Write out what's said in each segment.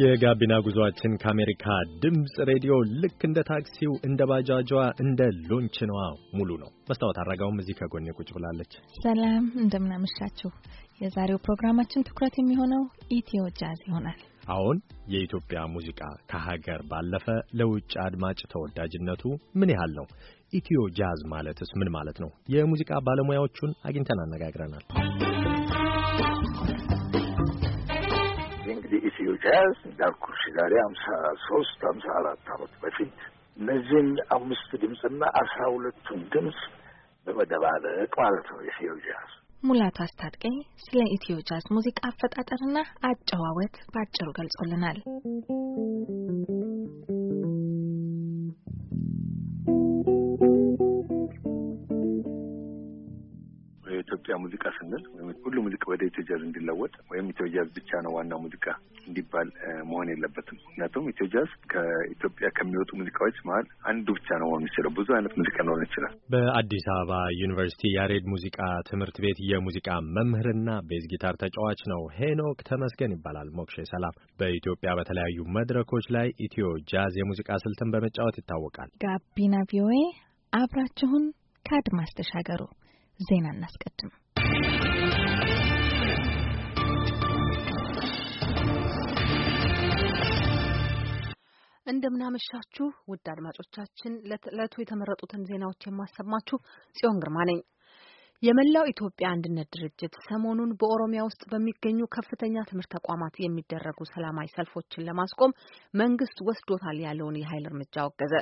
የጋቢና ጉዞአችን ከአሜሪካ ድምፅ ሬዲዮ ልክ እንደ ታክሲው እንደ ባጃጇ እንደ ሎንችኗ ሙሉ ነው። መስታወት አረጋውም እዚህ ከጎኔ ቁጭ ብላለች። ሰላም እንደምናመሻችሁ። የዛሬው ፕሮግራማችን ትኩረት የሚሆነው ኢትዮ ጃዝ ይሆናል። አሁን የኢትዮጵያ ሙዚቃ ከሀገር ባለፈ ለውጭ አድማጭ ተወዳጅነቱ ምን ያህል ነው? ኢትዮ ጃዝ ማለትስ ምን ማለት ነው? የሙዚቃ ባለሙያዎቹን አግኝተን አነጋግረናል። ኢትዮ ጃዝ እንዳልኩሽ ዛሬ ሀምሳ ሶስት ሀምሳ አራት አመት በፊት እነዚህን አምስት ድምፅና አስራ ሁለቱን ድምፅ በመደባለቅ ማለት ነው ኢትዮ ጃዝ። ሙላቱ አስታጥቄ ስለ ኢትዮ ጃዝ ሙዚቃ አፈጣጠርና አጨዋወት በአጭሩ ገልጾልናል። የኢትዮጵያ ሙዚቃ ስንል ሁሉ ሙዚቃ ወደ ኢትዮጃዝ እንዲለወጥ ወይም ኢትዮጃዝ ብቻ ነው ዋና ሙዚቃ እንዲባል መሆን የለበትም። ምክንያቱም ኢትዮ ጃዝ ከኢትዮጵያ ከሚወጡ ሙዚቃዎች መሀል አንዱ ብቻ ነው መሆን የሚችለው። ብዙ አይነት ሙዚቃ ሊሆን ይችላል። በአዲስ አበባ ዩኒቨርሲቲ ያሬድ ሙዚቃ ትምህርት ቤት የሙዚቃ መምህርና ቤዝ ጊታር ተጫዋች ነው። ሄኖክ ተመስገን ይባላል። ሞክሼ ሰላም በኢትዮጵያ በተለያዩ መድረኮች ላይ ኢትዮ ጃዝ የሙዚቃ ስልትን በመጫወት ይታወቃል። ጋቢና ቪኦኤ አብራችሁን ከአድማስ ተሻገሩ። ዜና እናስቀድም። እንደምናመሻችሁ ውድ አድማጮቻችን፣ ለዕለቱ የተመረጡትን ዜናዎች የማሰማችሁ ጽዮን ግርማ ነኝ። የመላው ኢትዮጵያ አንድነት ድርጅት ሰሞኑን በኦሮሚያ ውስጥ በሚገኙ ከፍተኛ ትምህርት ተቋማት የሚደረጉ ሰላማዊ ሰልፎችን ለማስቆም መንግስት ወስዶታል ያለውን የኃይል እርምጃ አወገዘ።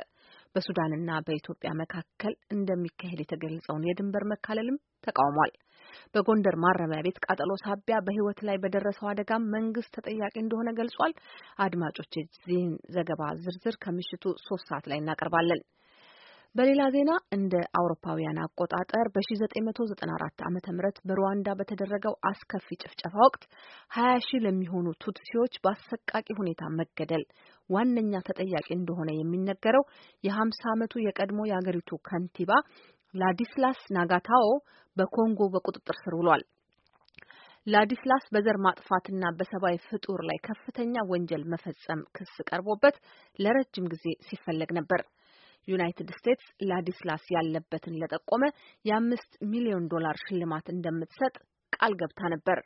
በሱዳንና በኢትዮጵያ መካከል እንደሚካሄድ የተገለጸውን የድንበር መካለልም ተቃውሟል። በጎንደር ማረሚያ ቤት ቃጠሎ ሳቢያ በህይወት ላይ በደረሰው አደጋም መንግስት ተጠያቂ እንደሆነ ገልጿል። አድማጮች የዚህን ዘገባ ዝርዝር ከምሽቱ ሶስት ሰዓት ላይ እናቀርባለን። በሌላ ዜና እንደ አውሮፓውያን አቆጣጠር በ1994 ዓ.ም በሩዋንዳ በተደረገው አስከፊ ጭፍጨፋ ወቅት 20 ሺህ ለሚሆኑ ቱትሲዎች በአሰቃቂ ሁኔታ መገደል ዋነኛ ተጠያቂ እንደሆነ የሚነገረው የ50 ዓመቱ የቀድሞ የአገሪቱ ከንቲባ ላዲስላስ ናጋታዎ በኮንጎ በቁጥጥር ስር ውሏል። ላዲስላስ በዘር ማጥፋትና በሰብአዊ ፍጡር ላይ ከፍተኛ ወንጀል መፈጸም ክስ ቀርቦበት ለረጅም ጊዜ ሲፈለግ ነበር። ዩናይትድ ስቴትስ ላዲስላስ ያለበትን ለጠቆመ የአምስት ሚሊዮን ዶላር ሽልማት እንደምትሰጥ ቃል ገብታ ነበር።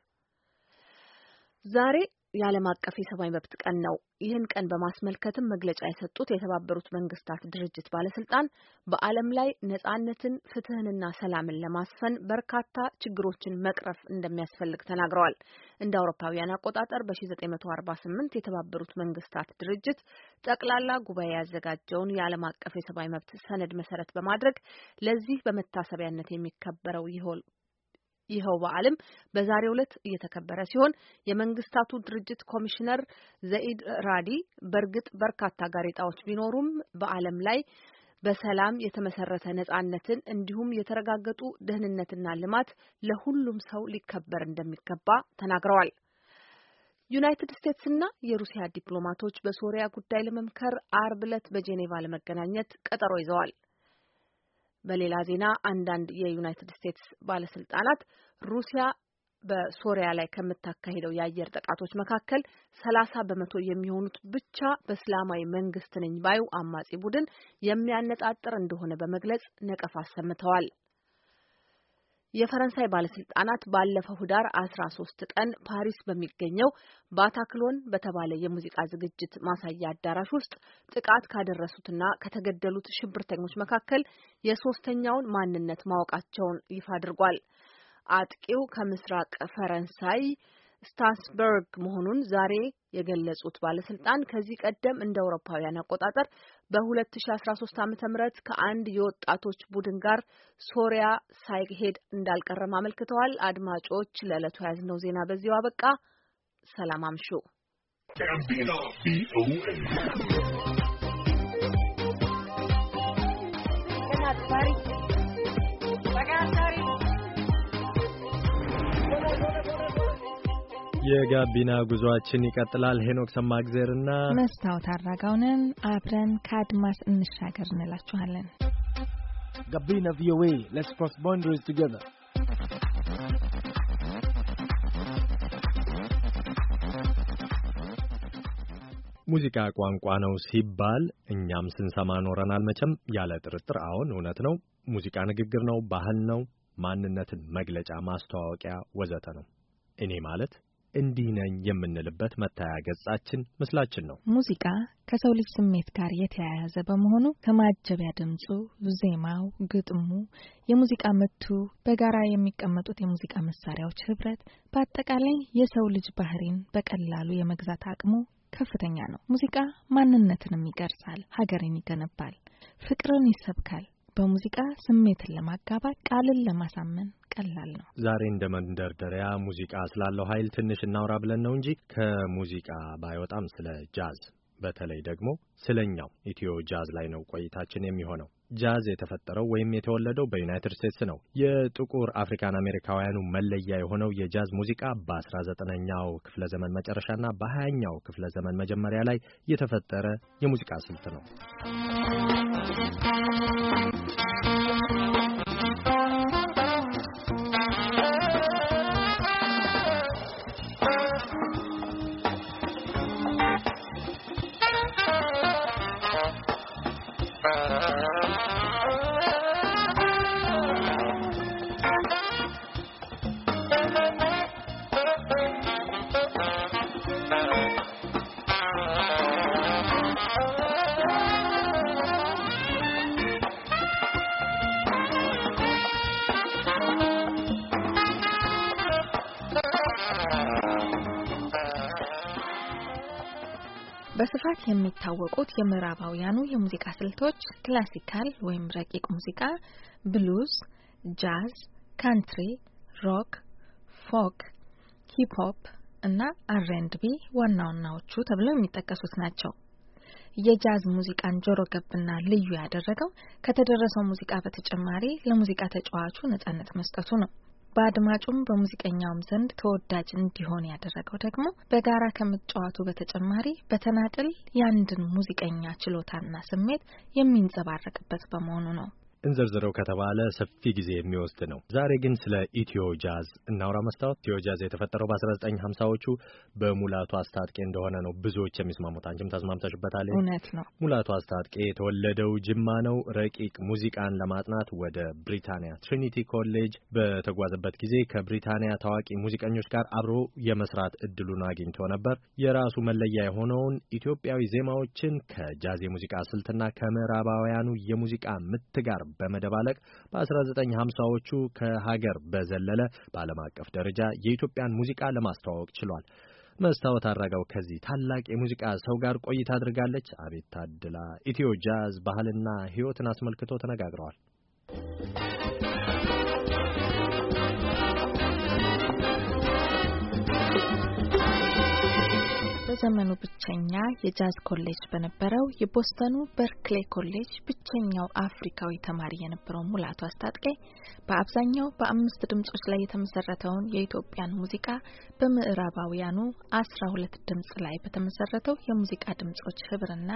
ዛሬ የዓለም አቀፍ የሰብአዊ መብት ቀን ነው። ይህን ቀን በማስመልከትም መግለጫ የሰጡት የተባበሩት መንግስታት ድርጅት ባለስልጣን በዓለም ላይ ነጻነትን፣ ፍትህንና ሰላምን ለማስፈን በርካታ ችግሮችን መቅረፍ እንደሚያስፈልግ ተናግረዋል። እንደ አውሮፓውያን አቆጣጠር በ1948 የተባበሩት መንግስታት ድርጅት ጠቅላላ ጉባኤ ያዘጋጀውን የዓለም አቀፍ የሰብአዊ መብት ሰነድ መሰረት በማድረግ ለዚህ በመታሰቢያነት የሚከበረው ይኸው በዓልም በዛሬ ዕለት እየተከበረ ሲሆን የመንግስታቱ ድርጅት ኮሚሽነር ዘይድ ራዲ በእርግጥ በርካታ ጋሬጣዎች ቢኖሩም በዓለም ላይ በሰላም የተመሰረተ ነጻነትን እንዲሁም የተረጋገጡ ደህንነትና ልማት ለሁሉም ሰው ሊከበር እንደሚገባ ተናግረዋል። ዩናይትድ ስቴትስና የሩሲያ ዲፕሎማቶች በሶሪያ ጉዳይ ለመምከር አርብ ዕለት በጄኔቫ ለመገናኘት ቀጠሮ ይዘዋል። በሌላ ዜና አንዳንድ የዩናይትድ ስቴትስ ባለስልጣናት ሩሲያ በሶሪያ ላይ ከምታካሄደው የአየር ጥቃቶች መካከል ሰላሳ በመቶ የሚሆኑት ብቻ በእስላማዊ መንግስት ነኝ ባዩ አማጺ ቡድን የሚያነጣጥር እንደሆነ በመግለጽ ነቀፋ አሰምተዋል። የፈረንሳይ ባለስልጣናት ባለፈው ህዳር 13 ቀን ፓሪስ በሚገኘው ባታክሎን በተባለ የሙዚቃ ዝግጅት ማሳያ አዳራሽ ውስጥ ጥቃት ካደረሱትና ከተገደሉት ሽብርተኞች መካከል የሶስተኛውን ማንነት ማወቃቸውን ይፋ አድርጓል። አጥቂው ከምስራቅ ፈረንሳይ ስታንስበርግ መሆኑን ዛሬ የገለጹት ባለስልጣን ከዚህ ቀደም እንደ አውሮፓውያን አቆጣጠር በ2013 ዓ.ም ከአንድ የወጣቶች ቡድን ጋር ሶሪያ ሳይሄድ እንዳልቀረም አመልክተዋል። አድማጮች፣ ለዕለቱ የያዝነው ዜና በዚሁ አበቃ። ሰላም አምሹ። Sorry. የጋቢና ጉዟችን ይቀጥላል። ሄኖክ ሰማግዜርና መስታወት አራጋውንን አብረን ከአድማስ እንሻገር እንላችኋለን። ጋቢና ቪኦኤ ሌትስ ክሮስ ቦንደሪስ ቱጌዘር ሙዚቃ ቋንቋ ነው ሲባል እኛም ስንሰማ ኖረናል። መቼም ያለ ጥርጥር አሁን እውነት ነው። ሙዚቃ ንግግር ነው፣ ባህል ነው፣ ማንነትን መግለጫ ማስተዋወቂያ፣ ወዘተ ነው። እኔ ማለት እንዲህ ነኝ የምንልበት መታያ ገጻችን ምስላችን ነው። ሙዚቃ ከሰው ልጅ ስሜት ጋር የተያያዘ በመሆኑ ከማጀቢያ ድምፁ፣ ዜማው፣ ግጥሙ፣ የሙዚቃ ምቱ፣ በጋራ የሚቀመጡት የሙዚቃ መሳሪያዎች ህብረት፣ በአጠቃላይ የሰው ልጅ ባህሪን በቀላሉ የመግዛት አቅሙ ከፍተኛ ነው። ሙዚቃ ማንነትንም ይቀርጻል፣ ሀገርን ይገነባል፣ ፍቅርን ይሰብካል፣ በሙዚቃ ስሜትን ለማጋባት ቃልን ለማሳመን ቀላል ነው። ዛሬ እንደ መንደርደሪያ ሙዚቃ ስላለው ኃይል ትንሽ እናውራ ብለን ነው እንጂ ከሙዚቃ ባይወጣም ስለ ጃዝ በተለይ ደግሞ ስለኛው ኢትዮ ጃዝ ላይ ነው ቆይታችን የሚሆነው። ጃዝ የተፈጠረው ወይም የተወለደው በዩናይትድ ስቴትስ ነው። የጥቁር አፍሪካን አሜሪካውያኑ መለያ የሆነው የጃዝ ሙዚቃ በ በ19ኛው ክፍለ ዘመን መጨረሻና ኛው ክፍለ ዘመን መጀመሪያ ላይ የተፈጠረ የሙዚቃ ስልት ነው። በስፋት የሚታወቁት የምዕራባውያኑ የሙዚቃ ስልቶች ክላሲካል ወይም ረቂቅ ሙዚቃ፣ ብሉዝ፣ ጃዝ፣ ካንትሪ፣ ሮክ፣ ፎክ፣ ሂፕ ሆፕ እና አር ዋና ዋናዎቹ ተብለው የሚጠቀሱት ናቸው። የጃዝ ሙዚቃን ጆሮ ገብና ልዩ ያደረገው ከተደረሰው ሙዚቃ በተጨማሪ ለሙዚቃ ተጫዋቹ ነጻነት መስጠቱ ነው። በአድማጩም በሙዚቀኛውም ዘንድ ተወዳጅ እንዲሆን ያደረገው ደግሞ በጋራ ከመጫወቱ በተጨማሪ በተናጥል የአንድን ሙዚቀኛ ችሎታና ስሜት የሚንጸባረቅበት በመሆኑ ነው። እንዘርዝረው ከተባለ ሰፊ ጊዜ የሚወስድ ነው። ዛሬ ግን ስለ ኢትዮ ጃዝ እናውራ። መስታወት ኢትዮ ጃዝ የተፈጠረው በ1950ዎቹ በሙላቱ አስታጥቄ እንደሆነ ነው ብዙዎች የሚስማሙት። አንቺም ተስማምተሽበታል። እውነት ነው። ሙላቱ አስታጥቄ የተወለደው ጅማ ነው። ረቂቅ ሙዚቃን ለማጥናት ወደ ብሪታንያ ትሪኒቲ ኮሌጅ በተጓዘበት ጊዜ ከብሪታንያ ታዋቂ ሙዚቀኞች ጋር አብሮ የመስራት እድሉን አግኝቶ ነበር። የራሱ መለያ የሆነውን ኢትዮጵያዊ ዜማዎችን ከጃዝ የሙዚቃ ስልትና ከምዕራባውያኑ የሙዚቃ ምት ጋር በመደባለቅ በ1950ዎቹ ከሀገር በዘለለ በዓለም አቀፍ ደረጃ የኢትዮጵያን ሙዚቃ ለማስተዋወቅ ችሏል። መስታወት አድራጋው ከዚህ ታላቅ የሙዚቃ ሰው ጋር ቆይታ አድርጋለች። አቤት ታድላ ኢትዮ ጃዝ ባህልና ሕይወትን አስመልክቶ ተነጋግረዋል። በዘመኑ ብቸኛ የጃዝ ኮሌጅ በነበረው የቦስተኑ በርክሌ ኮሌጅ ብቸኛው አፍሪካዊ ተማሪ የነበረው ሙላቱ አስታጥቄ በአብዛኛው በአምስት ድምጾች ላይ የተመሰረተውን የኢትዮጵያን ሙዚቃ በምዕራባውያኑ አስራ ሁለት ድምጽ ላይ በተመሰረተው የሙዚቃ ድምጾች ህብርና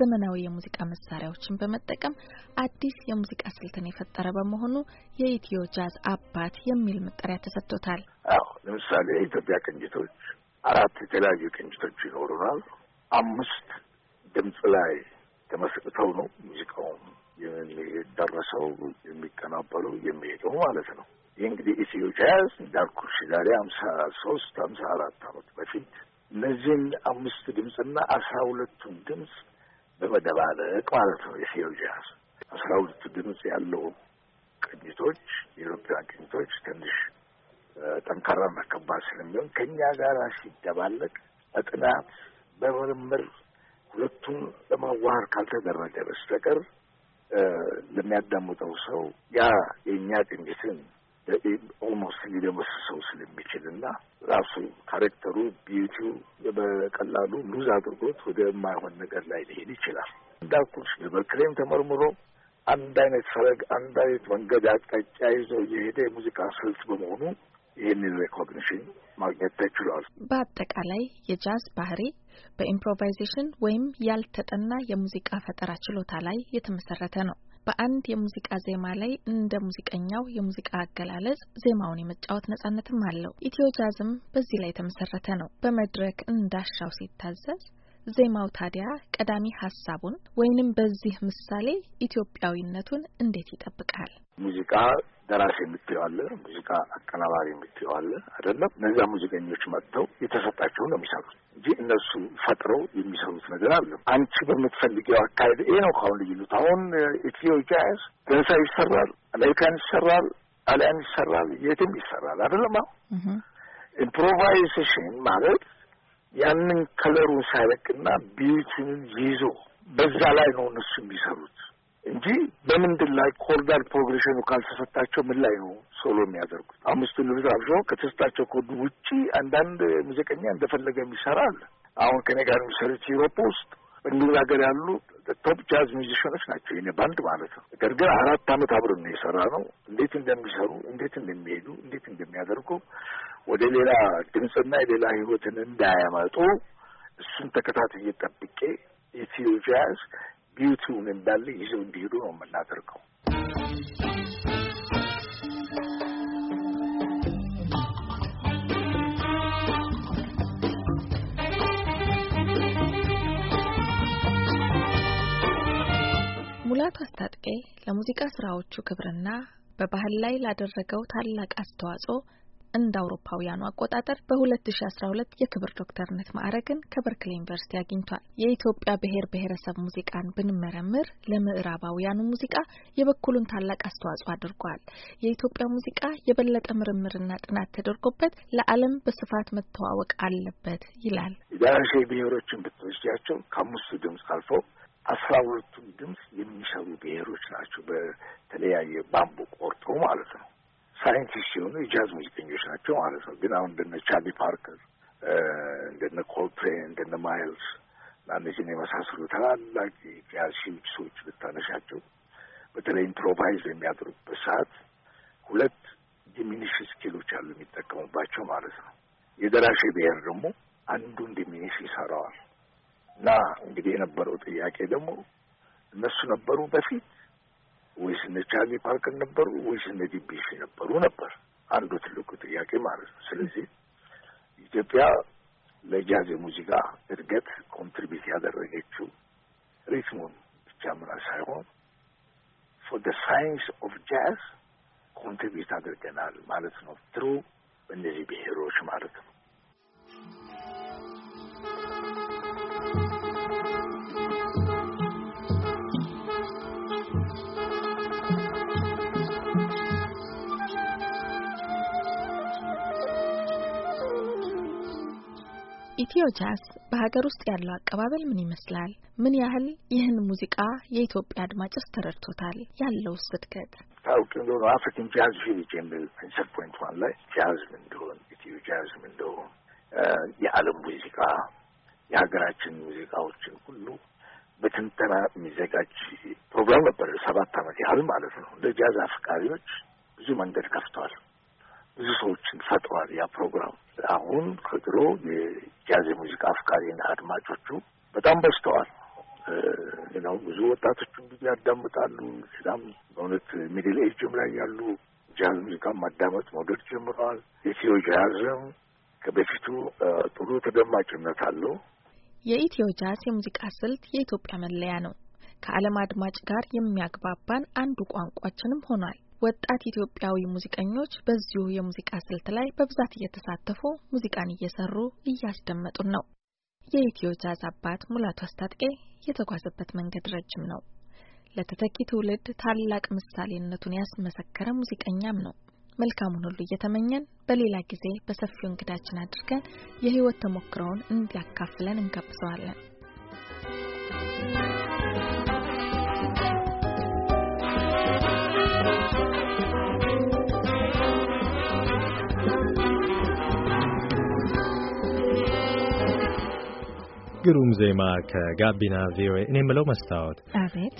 ዘመናዊ የሙዚቃ መሳሪያዎችን በመጠቀም አዲስ የሙዚቃ ስልትን የፈጠረ በመሆኑ የኢትዮ ጃዝ አባት የሚል መጠሪያ ተሰጥቶታል። አዎ ለምሳሌ የኢትዮጵያ ቅንጅቶች አራት የተለያዩ ቅንጭቶች ይኖሩናል። አምስት ድምፅ ላይ ተመስጥተው ነው ሙዚቃውም የሚደረሰው የሚቀናበለው የሚሄደው ማለት ነው። ይህ እንግዲህ ኢትዮ ጃዝ እንዳልኩሽ ዛሬ ሀምሳ ሶስት ሀምሳ አራት አመት በፊት እነዚህን አምስት ድምፅና አስራ ሁለቱን ድምፅ በመደባለቅ ማለት ነው ኢትዮ ጃዝ አስራ ሁለቱ ድምፅ ያለው ቅኝቶች የኢትዮጵያ ቅኝቶች ትንሽ ጠንካራ እና ከባድ ስለሚሆን ከእኛ ጋር ሲደባለቅ በጥናት በምርምር ሁለቱም ለማዋሃር ካልተደረገ በስተቀር ለሚያዳምጠው ሰው ያ የእኛ ቅኝትን ኦልሞስት ሊደመስሰው ስለሚችል እና ራሱ ካሬክተሩ ቢዩቲው በቀላሉ ሉዝ አድርጎት ወደ የማይሆን ነገር ላይ ሊሄድ ይችላል። እንዳልኩሽ በክሬም ተመርምሮ አንድ አይነት ፈለግ፣ አንድ አይነት መንገድ አቅጣጫ ይዞ የሄደ የሙዚቃ ስልት በመሆኑ ይህንን ሬኮግኒሽን ማግኘት ተችሏል። በአጠቃላይ የጃዝ ባህሪ በኢምፕሮቫይዜሽን ወይም ያልተጠና የሙዚቃ ፈጠራ ችሎታ ላይ የተመሰረተ ነው። በአንድ የሙዚቃ ዜማ ላይ እንደ ሙዚቀኛው የሙዚቃ አገላለጽ ዜማውን የመጫወት ነጻነትም አለው። ኢትዮ ጃዝም በዚህ ላይ የተመሰረተ ነው። በመድረክ እንዳሻው ሲታዘዝ ዜማው ታዲያ ቀዳሚ ሀሳቡን ወይንም በዚህ ምሳሌ ኢትዮጵያዊነቱን እንዴት ይጠብቃል? ሙዚቃ ደራሲ የምትየው አለ፣ ሙዚቃ አቀናባሪ የምትየው አለ አይደለም። እነዚያ ሙዚቀኞች መጥተው የተሰጣቸውን ነው የሚሰሩት እንጂ እነሱ ፈጥረው የሚሰሩት ነገር አለ። አንቺ በምትፈልጊው አካሄድ ይሄ ነው ካሁን ልዩነት። አሁን ኢትዮ ጃዝ ደንሳ ይሰራል፣ አሜሪካን ይሰራል፣ ጣሊያን ይሰራል፣ የትም ይሰራል አይደለም። አሁን ኢምፕሮቫይዜሽን ማለት ያንን ከለሩን ሳይለቅና ቢቱን ይዞ በዛ ላይ ነው እነሱ የሚሰሩት እንጂ በምንድን ላይ ኮርዳል ፕሮግሬሽኑ ካልተሰጣቸው ምን ላይ ነው ሶሎ የሚያደርጉት? አምስቱ ልብስ አብሾ ከተሰጣቸው ኮዱ ውጪ አንዳንድ ሙዚቀኛ እንደፈለገ የሚሰራ አለ። አሁን ከኔ ጋር የሚሰሩት ዩሮፕ ውስጥ እንግሊዝ ሀገር ያሉ ቶፕ ጃዝ ሚዚሽኖች ናቸው፣ የኔ ባንድ ማለት ነው። ነገር ግን አራት አመት አብሮ ነው የሰራ ነው። እንዴት እንደሚሰሩ እንዴት እንደሚሄዱ እንዴት እንደሚያደርጉ ወደ ሌላ ድምፅና የሌላ ህይወትን እንዳያመጡ እሱን ተከታት እየጠብቄ የኢትዮ ጃዝ ቢዩቲውን እንዳለ ይዘው እንዲሄዱ ነው የምናደርገው። ሙላቱ አስታጥቄ ለሙዚቃ ስራዎቹ ክብርና በባህል ላይ ላደረገው ታላቅ አስተዋጽኦ እንደ አውሮፓውያኑ አቆጣጠር በ2012 የክብር ዶክተርነት ማዕረግን ከበርክሌ ዩኒቨርሲቲ አግኝቷል። የኢትዮጵያ ብሔር ብሔረሰብ ሙዚቃን ብንመረምር ለምዕራባውያኑ ሙዚቃ የበኩሉን ታላቅ አስተዋጽኦ አድርጓል። የኢትዮጵያ ሙዚቃ የበለጠ ምርምርና ጥናት ተደርጎበት ለዓለም በስፋት መተዋወቅ አለበት ይላል። የአርሼ ብሔሮችን ብትወስጃቸው ከአምስቱ ድምፅ አልፎ አስራ ሁለቱን ድምፅ የሚሰሩ ብሔሮች ናቸው። በተለያየ ባምቡ ቆርጦ ማለት ነው። ሳይንቲስት ሲሆኑ የጃዝ ሙዚቀኞች ናቸው ማለት ነው። ግን አሁን እንደነ ቻሊ ፓርከር፣ እንደነ ኮልትሬን፣ እንደነ ማይልስ እና እነዚህን የመሳሰሉ ታላላቅ ጃዝ ሰዎች ብታነሻቸው በተለይ ኢምፕሮቫይዝ በሚያድሩበት ሰዓት ሁለት ዲሚኒሽ ስኪሎች አሉ የሚጠቀሙባቸው ማለት ነው። የደራሽ ብሔር ደግሞ አንዱን ዲሚኒሽ ይሰራዋል እና እንግዲህ የነበረው ጥያቄ ደግሞ እነሱ ነበሩ በፊት ወይስ እነ ቻሚ ፓርክን ነበሩ ወይስ እነ ዲቢሽ ነበሩ ነበር አንዱ ትልቁ ጥያቄ ማለት ነው። ስለዚህ ኢትዮጵያ ለጃዝ ሙዚቃ እድገት ኮንትሪቢት ያደረገችው ሪትሙን ብቻ ምና ሳይሆን ፎር ደ ሳይንስ ኦፍ ጃዝ ኮንትሪቢት አድርገናል ማለት ነው። ትሩ እነዚህ ብሔሮች ማለት ነው። ኢትዮ ጃዝ በሀገር ውስጥ ያለው አቀባበል ምን ይመስላል? ምን ያህል ይህን ሙዚቃ የኢትዮጵያ አድማጭስ ተረድቶታል? ያለው እድገት ታውቅ እንደሆነ አፍሪካን ጃዝ ቪሊጅ የሚል ኢንሰር ፖይንት ዋን ላይ ጃዝ ምን እንደሆን ኢትዮ ጃዝ ምን እንደሆን የዓለም ሙዚቃ የሀገራችን ሙዚቃዎችን ሁሉ በትንተና የሚዘጋጅ ፕሮግራም ነበር። ሰባት ዓመት ያህል ማለት ነው። እንደ ጃዝ አፍቃሪዎች ብዙ መንገድ ከፍተዋል። ብዙ ሰዎችን ፈጥሯል ያ ፕሮግራም። አሁን ከድሮ ጃዝ የሙዚቃ አፍቃሪና አድማጮቹ በጣም በዝተዋል። ነው ብዙ ወጣቶች እንግዲህ ያዳምጣሉ። በጣም በእውነት ሚድል ኤጅም ላይ ያሉ ጃዝ ሙዚቃ ማዳመጥ መውደድ ጀምረዋል። ኢትዮ ጃዝም ከበፊቱ ጥሩ ተደማጭነት አለው። የኢትዮ ጃዝ የሙዚቃ ስልት የኢትዮጵያ መለያ ነው። ከዓለም አድማጭ ጋር የሚያግባባን አንዱ ቋንቋችንም ሆኗል። ወጣት ኢትዮጵያዊ ሙዚቀኞች በዚሁ የሙዚቃ ስልት ላይ በብዛት እየተሳተፉ ሙዚቃን እየሰሩ እያስደመጡን ነው። የኢትዮ ጃዝ አባት ሙላቱ አስታጥቄ የተጓዘበት መንገድ ረጅም ነው። ለተተኪ ትውልድ ታላቅ ምሳሌነቱን ያስመሰከረ ሙዚቀኛም ነው። መልካሙን ሁሉ እየተመኘን በሌላ ጊዜ በሰፊው እንግዳችን አድርገን የህይወት ተሞክሮውን እንዲያካፍለን እንጋብዘዋለን። ግሩም ዜማ ከጋቢና ቪኦኤ። እኔ የምለው መስታወት፣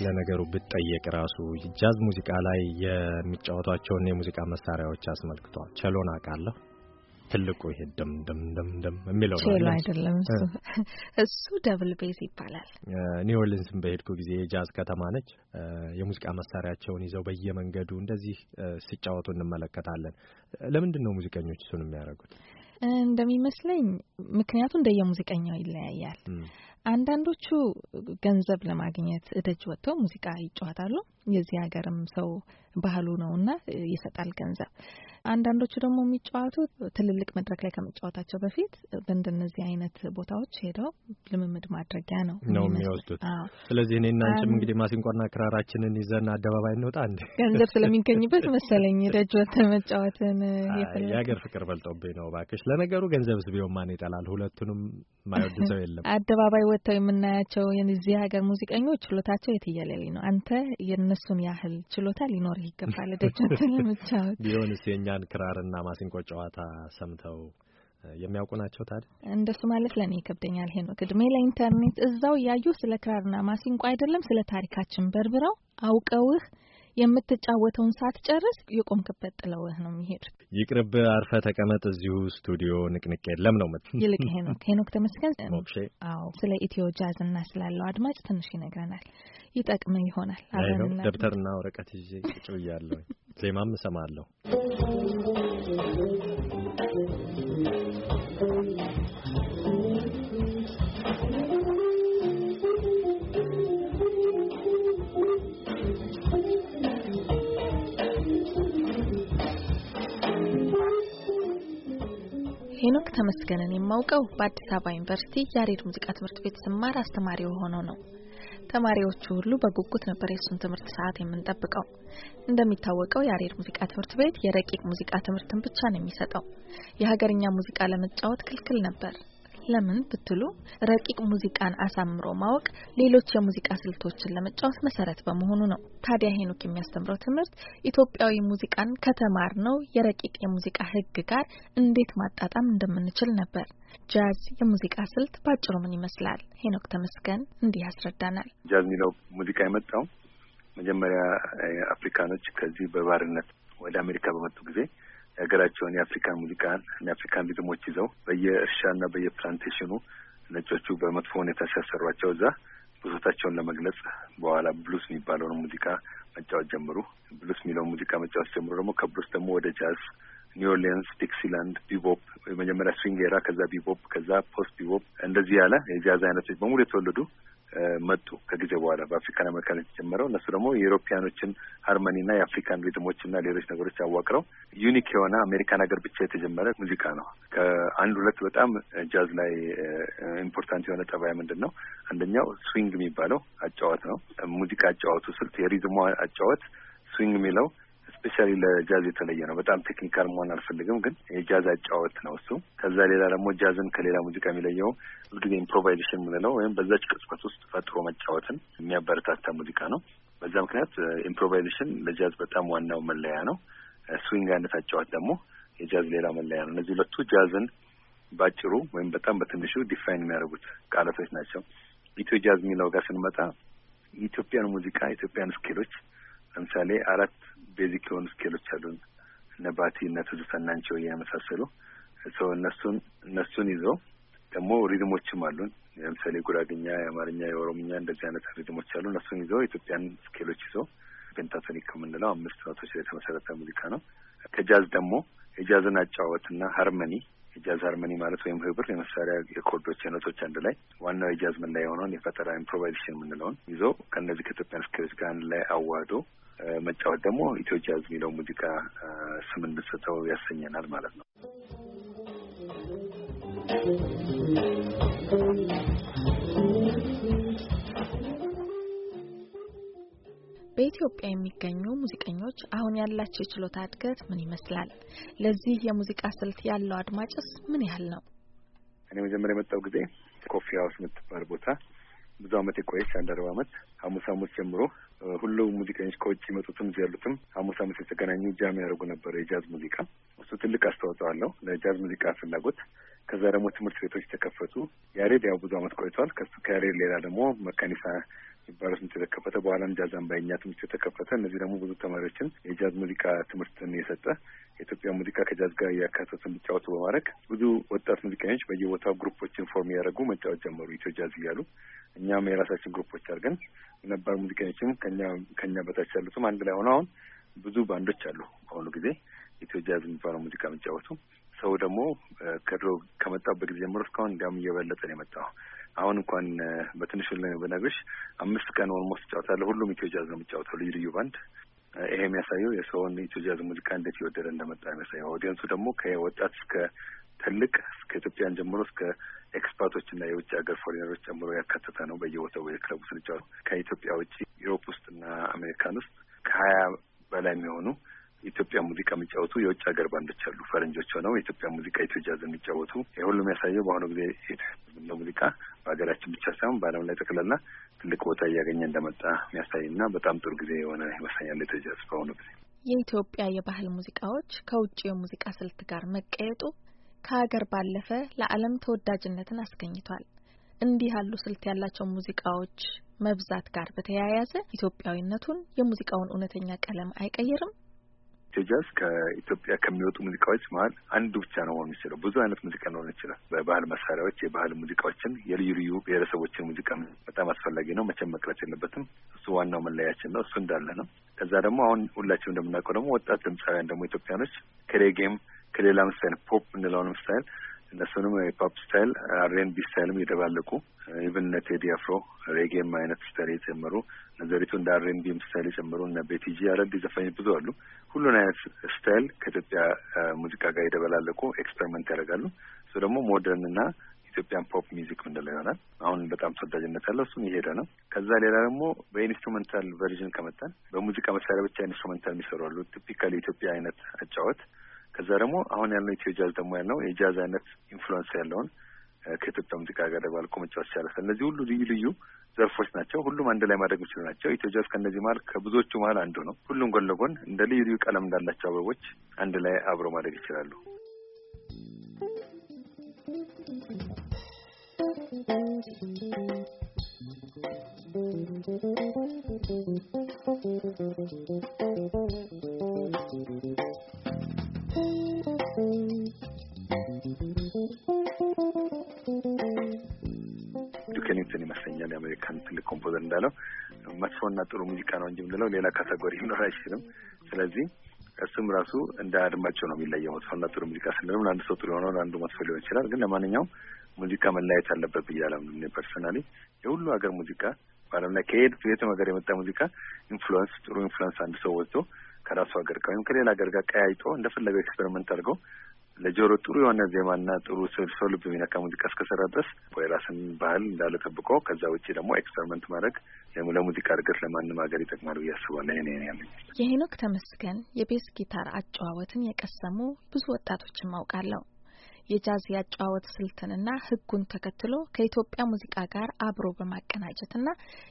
ለነገሩ ብትጠየቅ ራሱ ጃዝ ሙዚቃ ላይ የሚጫወቷቸውን የሙዚቃ መሳሪያዎች አስመልክቷል። ቸሎን አውቃለሁ፣ ትልቁ ይሄ ድም ድም ድም ድም የሚለው ነው። ቸሎ አይደለም እሱ፣ እሱ ደብል ቤዝ ይባላል። ኒው ኦርሊንስን በሄድኩ ጊዜ የጃዝ ከተማ ነች። የሙዚቃ መሳሪያቸውን ይዘው በየመንገዱ እንደዚህ ሲጫወቱ እንመለከታለን። ለምንድን ነው ሙዚቀኞች እሱን የሚያደርጉት? እንደሚመስለኝ ምክንያቱ እንደየሙዚቀኛው ይለያያል። አንዳንዶቹ ገንዘብ ለማግኘት እደጅ ወጥተው ሙዚቃ ይጫወታሉ። የዚህ ሀገርም ሰው ባህሉ ነው እና ይሰጣል ገንዘብ። አንዳንዶቹ ደግሞ የሚጫወቱት ትልልቅ መድረክ ላይ ከመጫወታቸው በፊት በእንደነዚህ አይነት ቦታዎች ሄደው ልምምድ ማድረጊያ ነው ነው የሚወስዱት። ስለዚህ እኔ እናንችም እንግዲህ ማሲንቆና ክራራችንን ይዘን አደባባይ እንወጣ እንዴ! ገንዘብ ስለሚገኝበት መሰለኝ ደጅ ወተን መጫወትን የሀገር ፍቅር በልጦብኝ ነው እባክሽ። ለነገሩ ገንዘብ ስቢው ማን ይጠላል? ሁለቱንም ማይወድ ሰው የለም። አደባባይ ወጥተው የምናያቸው የዚህ ሀገር ሙዚቀኞች ችሎታቸው የትየለሌ ነው። አንተ የነ የእነሱን ያህል ችሎታ ሊኖር ይገባል። ደጃችን ለመጫወት ቢሆንስ የእኛን ክራርና ማሲንቆ ጨዋታ ሰምተው የሚያውቁ ናቸው። ታዲያ እንደሱ ማለት ለእኔ ይከብደኛል። ሄኖ ነው ቅድሜ ለኢንተርኔት እዛው እያዩ ስለ ክራርና ማሲንቆ አይደለም ስለ ታሪካችን በርብረው አውቀውህ የምትጫወተውን ሳትጨርስ የቆምክበት ጥለውህ ነው የሚሄድ። ይቅርብ አርፈ ተቀመጥ እዚሁ ስቱዲዮ ንቅንቅ የለም ነው ምት ይልቅ ሄኖክ ሄኖክ ተመስገን ሞክሼ አዎ፣ ስለ ኢትዮ ጃዝ እና ስላለው አድማጭ ትንሽ ይነግረናል። ይጠቅም ይሆናል። ደብተርና ወረቀት ይዤ ቁጭ ብያለሁ። ዜማም እሰማለሁ። ተመስገንን የማውቀው በአዲስ አበባ ዩኒቨርሲቲ ያሬድ ሙዚቃ ትምህርት ቤት ስማር አስተማሪ የሆነው ነው። ተማሪዎቹ ሁሉ በጉጉት ነበር የሱን ትምህርት ሰዓት የምንጠብቀው። እንደሚታወቀው የአሬድ ሙዚቃ ትምህርት ቤት የረቂቅ ሙዚቃ ትምህርትን ብቻ ነው የሚሰጠው። የሀገርኛ ሙዚቃ ለመጫወት ክልክል ነበር። ለምን ብትሉ ረቂቅ ሙዚቃን አሳምሮ ማወቅ ሌሎች የሙዚቃ ስልቶችን ለመጫወት መሰረት በመሆኑ ነው። ታዲያ ሄኖክ የሚያስተምረው ትምህርት ኢትዮጵያዊ ሙዚቃን ከተማር ነው የረቂቅ የሙዚቃ ሕግ ጋር እንዴት ማጣጣም እንደምንችል ነበር። ጃዝ የሙዚቃ ስልት ባጭሩ ምን ይመስላል? ሄኖክ ተመስገን እንዲህ ያስረዳናል። ጃዝ የሚለው ሙዚቃ የመጣው መጀመሪያ አፍሪካኖች ከዚህ በባርነት ወደ አሜሪካ በመጡ ጊዜ የሀገራቸውን የአፍሪካን ሙዚቃን የአፍሪካን ሪዝሞች ይዘው በየእርሻና በየፕላንቴሽኑ ነጮቹ በመጥፎ ሁኔታ ሲያሰሯቸው እዛ ብሶታቸውን ለመግለጽ በኋላ ብሉስ የሚባለውን ሙዚቃ መጫወት ጀምሩ። ብሉስ የሚለውን ሙዚቃ መጫወት ጀምሩ። ደግሞ ከብሉስ ደግሞ ወደ ጃዝ፣ ኒው ኦርሊንስ፣ ዲክሲላንድ፣ ቢቦፕ የመጀመሪያ ስዊንግ ኤራ፣ ከዛ ቢቦፕ፣ ከዛ ፖስት ቢቦፕ እንደዚህ ያለ የጃዝ አይነቶች በሙሉ የተወለዱ መጡ። ከጊዜ በኋላ በአፍሪካን አሜሪካኖች የተጀመረው እነሱ ደግሞ የኢሮፒያኖችን ና የአፍሪካን ና ሌሎች ነገሮች አዋቅረው ዩኒክ የሆነ አሜሪካን ሀገር ብቻ የተጀመረ ሙዚቃ ነው። ከአንድ ሁለት በጣም ጃዝ ላይ ኢምፖርታንት የሆነ ጠባይ ምንድን ነው? አንደኛው ስዊንግ የሚባለው አጫዋት ነው። ሙዚቃ አጫዋቱ ስልት የሪዝሞ አጫዋት ስዊንግ የሚለው ስፔሻሊ ለጃዝ የተለየ ነው። በጣም ቴክኒካል መሆን አልፈልግም፣ ግን የጃዝ አጫወት ነው እሱ። ከዛ ሌላ ደግሞ ጃዝን ከሌላ ሙዚቃ የሚለየው ብዙ ጊዜ ኢምፕሮቫይዜሽን የምንለው ወይም በዛች ቅጽበት ውስጥ ፈጥሮ መጫወትን የሚያበረታታ ሙዚቃ ነው። በዛ ምክንያት ኢምፕሮቫይዜሽን ለጃዝ በጣም ዋናው መለያ ነው። ስዊንግ አይነት አጫወት ደግሞ የጃዝ ሌላ መለያ ነው። እነዚህ ሁለቱ ጃዝን ባጭሩ ወይም በጣም በትንሹ ዲፋይን የሚያደርጉት ቃላቶች ናቸው። ኢትዮ ጃዝ የሚለው ጋር ስንመጣ የኢትዮጵያን ሙዚቃ የኢትዮጵያን ስኬሎች ለምሳሌ አራት ቤዚክ የሆኑ ስኬሎች አሉን እነ ባቲ እነ ትዝ እናንቸው የመሳሰሉ ሰው እነሱን እነሱን ይዘው ደግሞ ሪድሞችም አሉን። ለምሳሌ ጉራግኛ፣ የአማርኛ፣ የኦሮምኛ እንደዚህ አይነት ሪድሞች አሉ። እነሱን ይዘው ኢትዮጵያን ስኬሎች ይዘው ፔንታቶኒክ ከምንለው አምስት ኖቶች ላይ የተመሰረተ ሙዚቃ ነው። ከጃዝ ደግሞ የጃዝን አጫወት ና ሀርመኒ የጃዝ ሀርመኒ ማለት ወይም ህብር የመሳሪያ የኮርዶች አይነቶች አንድ ላይ ዋናው የጃዝ ምን ላይ የሆነውን የፈጠራ ኢምፕሮቫይዜሽን የምንለውን ይዞ ከእነዚህ ከኢትዮጵያን ስኬሎች ጋር አንድ ላይ አዋህዶ መጫወት ደግሞ ኢትዮ ጃዝ የሚለው ሙዚቃ ስም እንድሰጠው ያሰኘናል ማለት ነው። በኢትዮጵያ የሚገኙ ሙዚቀኞች አሁን ያላቸው የችሎታ እድገት ምን ይመስላል? ለዚህ የሙዚቃ ስልት ያለው አድማጭስ ምን ያህል ነው? እኔ መጀመሪያ የመጣው ጊዜ ኮፊ ሀውስ የምትባል ቦታ ብዙ አመት የቆየች አንድ አርባ አመት ሐሙስ ሐሙስ ጀምሮ ሁሉም ሙዚቀኞች ከውጭ ይመጡትም እዚህ ያሉትም ሐሙስ ሐሙስ የተገናኙ ጃም ያደርጉ ነበረ የጃዝ ሙዚቃ። እሱ ትልቅ አስተዋጽኦ አለው ለጃዝ ሙዚቃ ፍላጎት። ከዛ ደግሞ ትምህርት ቤቶች ተከፈቱ። ያሬድ ያው ብዙ አመት ቆይቷል። ከሱ ከያሬድ ሌላ ደግሞ መካኒሳ የሚባለው ትምህርት የተከፈተ በኋላም ጃዝ አምባየኛ ትምህርት የተከፈተ እነዚህ ደግሞ ብዙ ተማሪዎችን የጃዝ ሙዚቃ ትምህርትን የሰጠ የኢትዮጵያ ሙዚቃ ከጃዝ ጋር እያካተቱ እንዲጫወቱ በማድረግ ብዙ ወጣት ሙዚቀኞች በየቦታው ግሩፖችን ፎርም እያደረጉ መጫወት ጀመሩ። ኢትዮ ጃዝ እያሉ እኛም የራሳችን ግሩፖች አድርገን ነባር ሙዚቀኞችም ከኛ በታች ያሉትም አንድ ላይ ሆነ። አሁን ብዙ ባንዶች አሉ በአሁኑ ጊዜ ኢትዮ ጃዝ የሚባለው ሙዚቃ የሚጫወቱ ሰው ደግሞ ከድሮ ከመጣበት ጊዜ ጀምሮ እስካሁን እንዲያውም እየበለጠ ነው የመጣው። አሁን እንኳን በትንሹ ብነግርሽ አምስት ቀን ኦልሞስት እጫወታለሁ። ሁሉም ኢትዮ ጃዝ ነው የሚጫወተው፣ ልዩ ልዩ ባንድ። ይሄ የሚያሳየው የሰውን ኢትዮ ጃዝ ሙዚቃ እንዴት ይወደደ እንደመጣ የሚያሳየው። ኦዲየንሱ ደግሞ ከወጣት እስከ ትልቅ እስከ ኢትዮጵያን ጀምሮ እስከ ኤክስፐርቶች እና የውጭ ሀገር ፎሪነሮች ጨምሮ ያካተተ ነው። በየቦታው በየክለቡ ስንጫወት ከኢትዮጵያ ውጭ ዩሮፕ ውስጥ እና አሜሪካን ውስጥ ከሀያ በላይ የሚሆኑ ኢትዮጵያ ሙዚቃ የሚጫወቱ የውጭ ሀገር ባንዶች አሉ። ፈረንጆች ሆነው የኢትዮጵያ ሙዚቃ ኢትዮ የሚጫወቱ ይህ ሁሉ የሚያሳየው በአሁኑ ጊዜ ኢትዮጵያ ሙዚቃ በሀገራችን ብቻ ሳይሆን በዓለም ላይ ጠቅላላ ትልቅ ቦታ እያገኘ እንደመጣ የሚያሳይና በጣም ጥሩ ጊዜ የሆነ ይመስለኛል ኢትዮ በአሁኑ ጊዜ። የኢትዮጵያ የባህል ሙዚቃዎች ከውጭ የሙዚቃ ስልት ጋር መቀየጡ ከሀገር ባለፈ ለዓለም ተወዳጅነትን አስገኝቷል። እንዲህ ያሉ ስልት ያላቸው ሙዚቃዎች መብዛት ጋር በተያያዘ ኢትዮጵያዊነቱን የሙዚቃውን እውነተኛ ቀለም አይቀይርም? ጃዝ ከኢትዮጵያ ከሚወጡ ሙዚቃዎች መሀል አንዱ ብቻ ነው መሆን የሚችለው። ብዙ አይነት ሙዚቃ ሊሆን ይችላል። በባህል መሳሪያዎች የባህል ሙዚቃዎችን፣ የልዩ ልዩ ብሔረሰቦችን ሙዚቃ በጣም አስፈላጊ ነው፣ መቼም መቅረት የለበትም። እሱ ዋናው መለያችን ነው። እሱ እንዳለ ነው። ከዛ ደግሞ አሁን ሁላችንም እንደምናውቀው ደግሞ ወጣት ድምፃውያን ደግሞ ኢትዮጵያኖች ከሬጌም ከሌላም ስታይል ፖፕ እንለውንም ስታይል እነሱንም የፖፕ ስታይል አር ኤን ስታይልም የደባለቁ ኢቨን እነ ቴዲ አፍሮ ሬጌም አይነት ስታይል የጨመሩ ዘሪቱ እንደ እንዲህም ስታይል የጨመሩ እና ቤቲጂ አረድ ዘፋኝ ብዙ አሉ። ሁሉን አይነት ስታይል ከኢትዮጵያ ሙዚቃ ጋር የተበላለቁ ኤክስፐሪመንት ያደርጋሉ። እሱ ደግሞ ሞደርን ኢትዮጵያን ፖፕ ሚዚክ ምንድነው ይሆናል። አሁን በጣም ተወዳጅነት ያለው እሱም የሄደ ነው። ከዛ ሌላ ደግሞ በኢንስትሩመንታል ቨርዥን ከመጣን በሙዚቃ መሳሪያ ብቻ ኢንስትሩመንታል የሚሰሩ አሉ። ቲፒካል የኢትዮጵያ አይነት አጫወት ከዛ ደግሞ አሁን ያለው ኢትዮ ጃዝ ደግሞ ያለው የጃዝ አይነት ኢንፍሉዌንስ ያለውን ክትትም ጥቃ ገደባል ቁምጫዎች ያለፈ እነዚህ ሁሉ ልዩ ልዩ ዘርፎች ናቸው። ሁሉም አንድ ላይ ማድረግ የሚችሉ ናቸው። ኢትዮጵያ ውስጥ ከእነዚህ መሀል ከብዙዎቹ መሀል አንዱ ነው። ሁሉም ጎን ለጎን እንደ ልዩ ልዩ ቀለም እንዳላቸው አበቦች አንድ ላይ አብረው ማድረግ ይችላሉ። Thank you. ኬኒንግተን ይመስለኛል የአሜሪካን ትልቅ ኮምፖዘር እንዳለው መጥፎና ጥሩ ሙዚቃ ነው እንጂ ምንለው ሌላ ካተጎሪ ሊኖር አይችልም። ስለዚህ እሱም ራሱ እንደ አድማጭው ነው የሚለየው። መጥፎና ጥሩ ሙዚቃ ስንለም ለአንድ ሰው ጥሩ የሆነውን አንዱ መጥፎ ሊሆን ይችላል። ግን ለማንኛውም ሙዚቃ መለያየት አለበት ብዬ አላምንም። ፐርሰናሊ የሁሉ ሀገር ሙዚቃ በዓለም ላይ ከየት የትም ሀገር የመጣ ሙዚቃ ኢንፍሉዌንስ ጥሩ ኢንፍሉዌንስ አንድ ሰው ወጥቶ ከራሱ ሀገር ጋር ወይም ከሌላ ሀገር ጋር ቀያይጦ እንደፈለገው ኤክስፐሪመንት አድርገው ለጆሮ ጥሩ የሆነ ዜማና ጥሩ ሰው ልብ የሚነካ ሙዚቃ እስከሰራ ድረስ የራስን ባህል እንዳለ ጠብቆ ከዛ ውጭ ደግሞ ኤክስፐሪመንት ማድረግ ለሙዚቃ እድገት ለማንም ሀገር ይጠቅማሉ ብዬ አስባለሁ። እኔ ያለኝ የሄኖክ ተመስገን የቤስ ጊታር አጨዋወትን የቀሰሙ ብዙ ወጣቶችን አውቃለሁ። የጃዝ ያጨዋወት ስልትንና ህጉን ተከትሎ ከኢትዮጵያ ሙዚቃ ጋር አብሮ በማቀናጀትና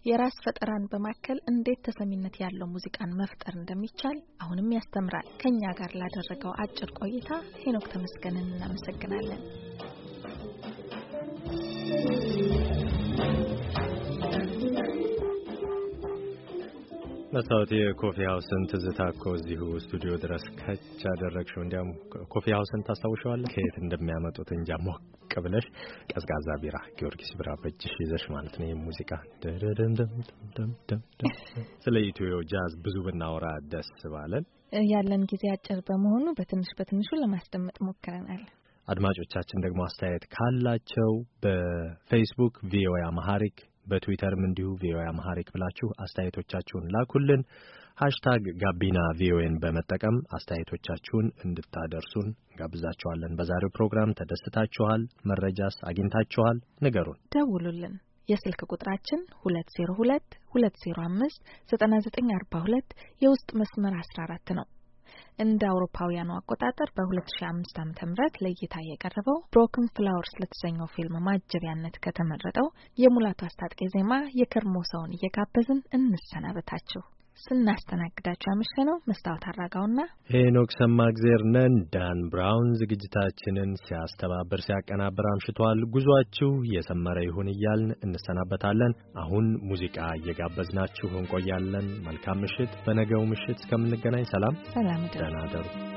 የራስ ፈጠራን በማከል እንዴት ተሰሚነት ያለው ሙዚቃን መፍጠር እንደሚቻል አሁንም ያስተምራል። ከእኛ ጋር ላደረገው አጭር ቆይታ ሄኖክ ተመስገንን እናመሰግናለን። መስታወት የኮፊ ሀውስን ትዝታ እኮ እዚሁ ስቱዲዮ ድረስ ከች ያደረግሽው። እንዲያውም ኮፊ ሀውስን ታስታውሸዋለህ? ከየት እንደሚያመጡት እንጃ። ሞቅ ብለሽ ቀዝቃዛ ቢራ፣ ጊዮርጊስ ቢራ በእጅሽ ይዘሽ ማለት ነው። ይህ ሙዚቃ ስለ ኢትዮ ጃዝ ብዙ ብናወራ ደስ ባለን። ያለን ጊዜ አጭር በመሆኑ በትንሽ በትንሹ ለማስደመጥ ሞክረናል። አድማጮቻችን ደግሞ አስተያየት ካላቸው በፌስቡክ ቪኦኤ አማሃሪክ በትዊተርም እንዲሁ ቪኦኤ አማሐሪክ ብላችሁ አስተያየቶቻችሁን ላኩልን። ሃሽታግ ጋቢና ቪኦኤን በመጠቀም አስተያየቶቻችሁን እንድታደርሱን እንጋብዛችኋለን። በዛሬው ፕሮግራም ተደስታችኋል? መረጃስ አግኝታችኋል? ንገሩን፣ ደውሉልን። የስልክ ቁጥራችን 202 205 9942 የውስጥ መስመር 14 ነው። እንደ አውሮፓውያኑ አቆጣጠር በ2005 ም ለእይታ የቀረበው ብሮክን ፍላወርስ ለተሰኘው ፊልም ማጀቢያነት ከተመረጠው የሙላቱ አስታጥቄ ዜማ የከርሞ ሰውን እየጋበዝን እንሰናበታችሁ። ስናስተናግዳቸው ያመሸ ነው መስታወት አራጋውና ሄኖክ ሰማ እግዜር ነን። ዳን ብራውን ዝግጅታችንን ሲያስተባብር ሲያቀናብር አምሽቷል። ጉዟችሁ የሰመረ ይሁን እያልን እንሰናበታለን። አሁን ሙዚቃ እየጋበዝናችሁ እንቆያለን። መልካም ምሽት። በነገው ምሽት እስከምንገናኝ ሰላም ሰላም፣ ደህና